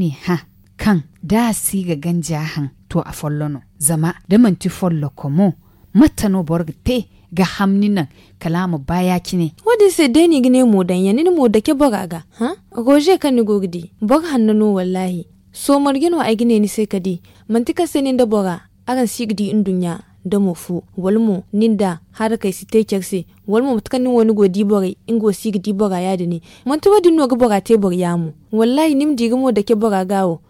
H: ne ha kan da siga
N: ganja han to a follono zama da manti follo komo matano borg
H: te ga hamni nan kalamu baya ne. wadi se deni gine mo dan yani mo da ke boga ga ha goje kan ni gogdi bog hannano wallahi so margino wa ai gine ni sai kadi ka senin da boga aran sigdi in dunya domo fu walmu ninda har kai si te kersi walmo mutkan ni woni go dibore ingo sig dibora ya dini mun to wadi no go bora te bor yamu wallahi nim digimo da ke bora gawo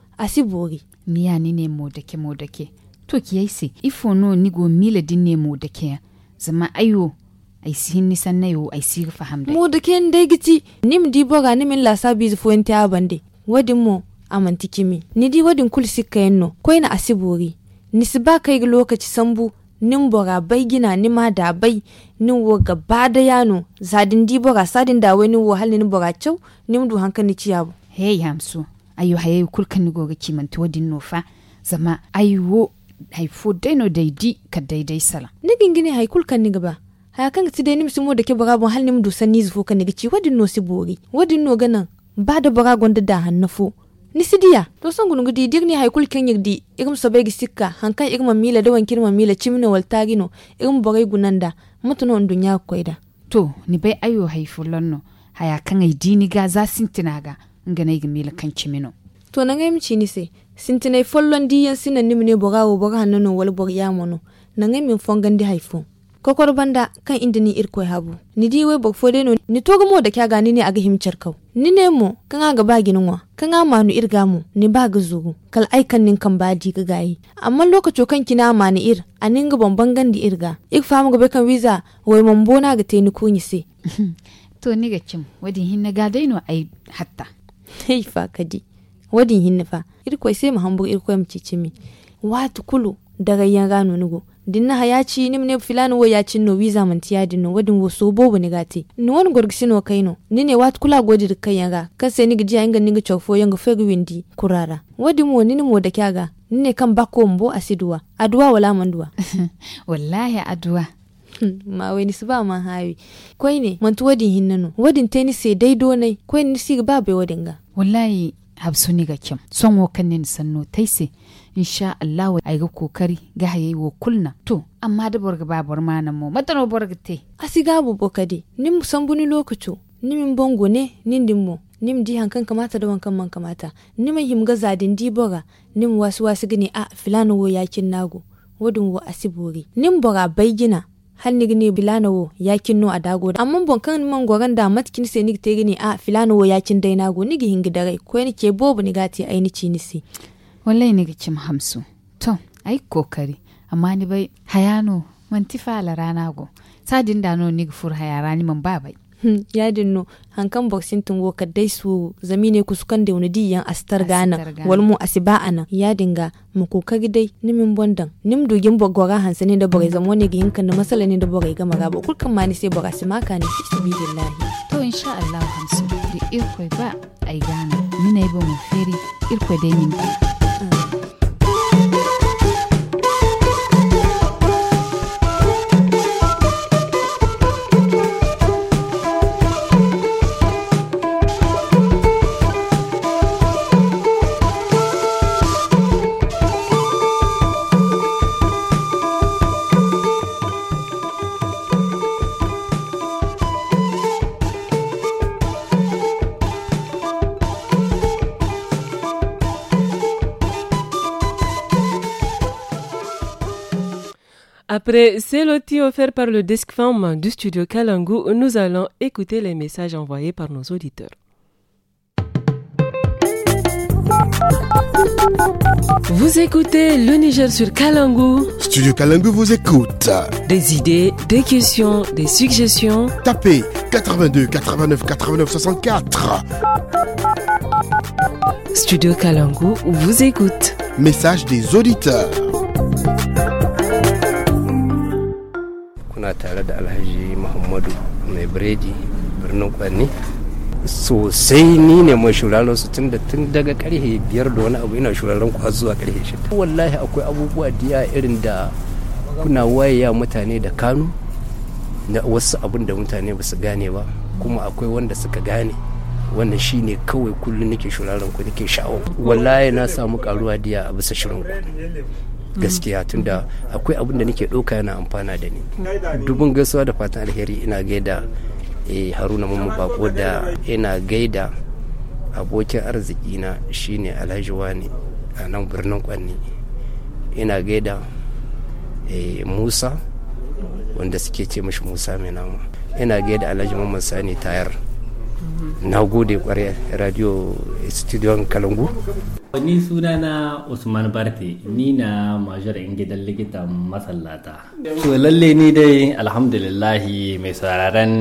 H: bori. miya
N: ni ne mo da ke mo da ke to ki yaisi ifo no ni go mile din ne mo da ke zama ayo ai si ni san nayo ai si faham da mo
H: da ke ndai giti nim dibora ni min la sabi fuente abande wadin mo amantikimi ni di wadin kul sikka yenno ko ina asibori nisba kai lokaci sambu nin bora bai gina ni ma da bai nin wo gaba da yano zadin di bora sadin da wani wo halin bora cew nin du ci yabo hey hamsu ayo haye kulkan ni goga kimanto wadin nofa
N: zama ayo no dai di ka daidai sala
H: ni gingine hay kulkan ni gaba ha kan ti dai nim sumo da ke bora bon halin mu du sanni ni zufo kan ni ci wadin no si bori wadin no ganan ba da bora gonda da hannafo nisidiya to son gungu di digni kul ken yigdi igum sobe gi sikka hankan igum mila da ma mila chimno wal tagino igum bogay gunanda mutuno dunya koida to ni bai ayo
N: fulonno haya kan ay dini ga za sintinaga ngana igi mila kan chimino
H: to nan ai mci nise sintinai follon diyan sinan nimne bogawo boga hanno wal bog yamono nan ai min fongan di kokor banda kan inda ni irkoy habu ni di we bok fode no ni togo mo da kya gani ne aga himcar kau ni ne mo kan aga ba ginin wa kan ga manu irga mu ni ba ga zugu kal aikan nin kan di ga gayi amma lokaco kan kina mani ir anin ga bomban gandi irga ik famu ga be kan visa wai bona ga ku ni se *laughs* to ni ga cim wadin na ga dai no ai hatta *laughs* hey fa kadi wadin na fa irkoy sai mu hambu irkoy mu cicimi watu kulu daga yanga nunugo dinna nim ne filan wo yacin no wiza mantiya no wadin wo sobo bo gati ni won no kaino ne wat kula godi kan kase ni gijiya inga ninga chofo yanga fegu windi kurara wadin mo ni mo da kyaga ne kan bako mbo asidwa aduwa wala manduwa *laughs* wallahi aduwa hmm, ma wani ni suba ma hawi koi ne tu wadin hinnano wadin teni sai do nai koi ni si ba bai wadin ga
N: wallahi habsuni ga kyam son wo kan ne sanno taise insha Allah wa aiga kokari ga hayi wo kulna to amma da borga babur mana mu
H: matano borga te asiga bu bokade nim buni lokacu nim bongo ne nindin mo nim di hankan kamata da wankan man kamata him ga zadin di boga nim wasu wasu gini a filano wo yakin nago wadun wo asibori nim boga bai gina hanni gini bilana wo yakin no a dago amma bonkan man goran da matkin se ni te gine a filano wo yakin dai nago nigi hingi darai ko ni ke bobu ni gati aini si. wallai ni gikim
N: hamsu to ai kokari amma ni bai hayano man tifala rana
H: go sadin da no ni fur hayara ni man babai Ya hmm, yadin no hankan boxing tun go kaddai su zamine ku sukan da wani diyan astar gana wal mu asiba ana ya dinga mu ko ka gidai nimin bondan nim dugin bogora hansa ne da bogai hmm. zamo ne ga hinkan da masala ne da bogai gama ga ba kulkan ma ni sai boga si maka ne bismillahi
N: to insha Allah hamsu da irkwai ba
H: ai gana mina ne ba mu feri da dai min
B: Après c'est l'outil offert par le Desk Femme du studio Kalangu, nous allons écouter les messages envoyés par nos auditeurs. Vous écoutez le Niger sur Kalangu.
L: Studio Kalangu vous écoute.
B: Des idées,
L: des questions, des suggestions. Tapez 82 89 89 64.
B: Studio Kalangu vous écoute. Message des auditeurs.
M: kuna tare da alhaji muhammadu mai biredi birnin kwanni sosai ni ne mai shuraren su tun da tun daga karhe biyar da wani abu ina shuraren kwa zuwa karhe shida wallahi akwai abubuwa diya irin da kuna wayaya mutane da kanu na wasu abin da mutane ba su gane ba kuma akwai wanda suka gane wannan shi ne kawai kullum nake shuraren ku nake sha'awa wallahi na samu karuwa diya a bisa shirin ku gaskiya tunda akwai abin da nake ɗauka yana amfana da ni dubun gaisuwa da fatan alheri ina gaida eh, haruna mamman bako da ina gaida abokin arzikina shine alhaji wani a nan birnin kwanni ina gaida eh, musa wanda suke ce mashi musa mai nama ina gaida alhaji mamman sani tayar na gode kwarai radio studio kalangu ni sunana usman barte ni na majar yan gidan likitan masallata to lalle ni dai alhamdulillahi mai sararen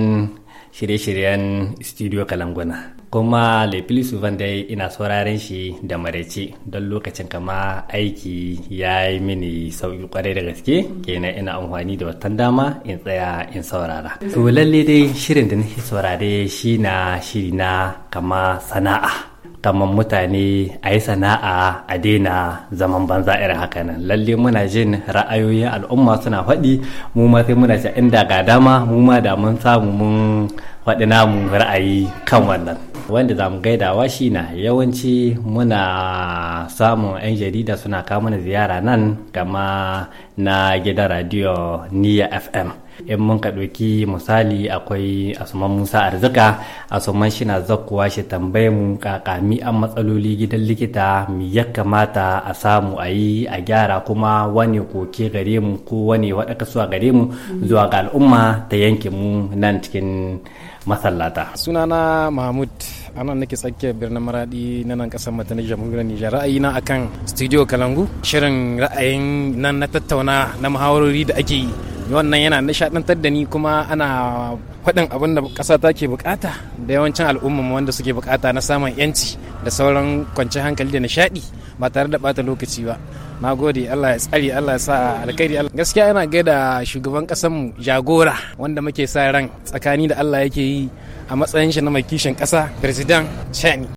M: shirye-shiryen studio kalanguna kuma lepili suvan dai ina sauraren shi da marece don lokacin kama aiki ya yi mini sauƙi kwarai da gaske kenan ina amfani da watan dama in tsaya in saurara to lalle dai shirin da nake saurare shi na shiri na kama sana'a kamar mutane a yi sana'a a daina zaman banza irin haka nan lalle muna jin ra'ayoyin al'umma suna faɗi mu ma sai muna ce inda ga dama mu ma da mun samu mun faɗi namu ra'ayi kan wannan wanda za mu gaidawa shi na yawanci muna samun 'yan jarida suna kawo mana ziyara nan gama na gidan radio niya fm in mun ka ɗauki misali akwai asuman musa arzika asuman shi na zakuwa shi tambaye mu kakami an matsaloli gidan likita mu ya kamata a samu a yi a gyara kuma wani koke gare mu ko wani waɗaka suwa gare mu zuwa ga al'umma ta yanke mu nan cikin masallata
A: sunana mahmud ana nake tsakiyar birnin maradi na nan kasar matanar jamhuriyar nijar ra'ayina akan studio kalangu shirin ra'ayin nan na tattauna na muhawarori da ake yi wannan yana nishadantar da ni kuma ana faɗin abin da ƙasa ke bukata da yawancin al'umma wanda suke bukata na samun yanci da sauran kwanci hankali da nishaɗi ba tare da bata lokaci ba na gode allah ya tsari allah ya sa alkhairi allah gaskiya yana gaida shugaban mu jagora wanda muke sa ran tsakani da allah yake yi a matsayin shi na mai kishin ƙasa president chani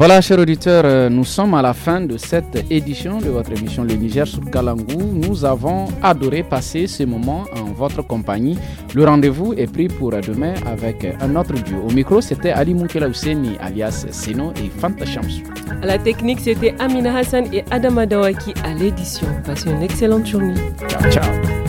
A: Voilà, chers auditeurs, euh, nous sommes à la fin de cette édition de votre émission Le Niger sur Kalangou. Nous avons adoré passer ce moment en votre compagnie. Le rendez-vous est pris pour demain avec un autre duo. Au micro, c'était Ali Moukela alias Seno et Fanta Chamsou.
B: À la technique, c'était Amina Hassan et Adama Dawaki à l'édition. Passez une excellente journée. Ciao,
A: ciao.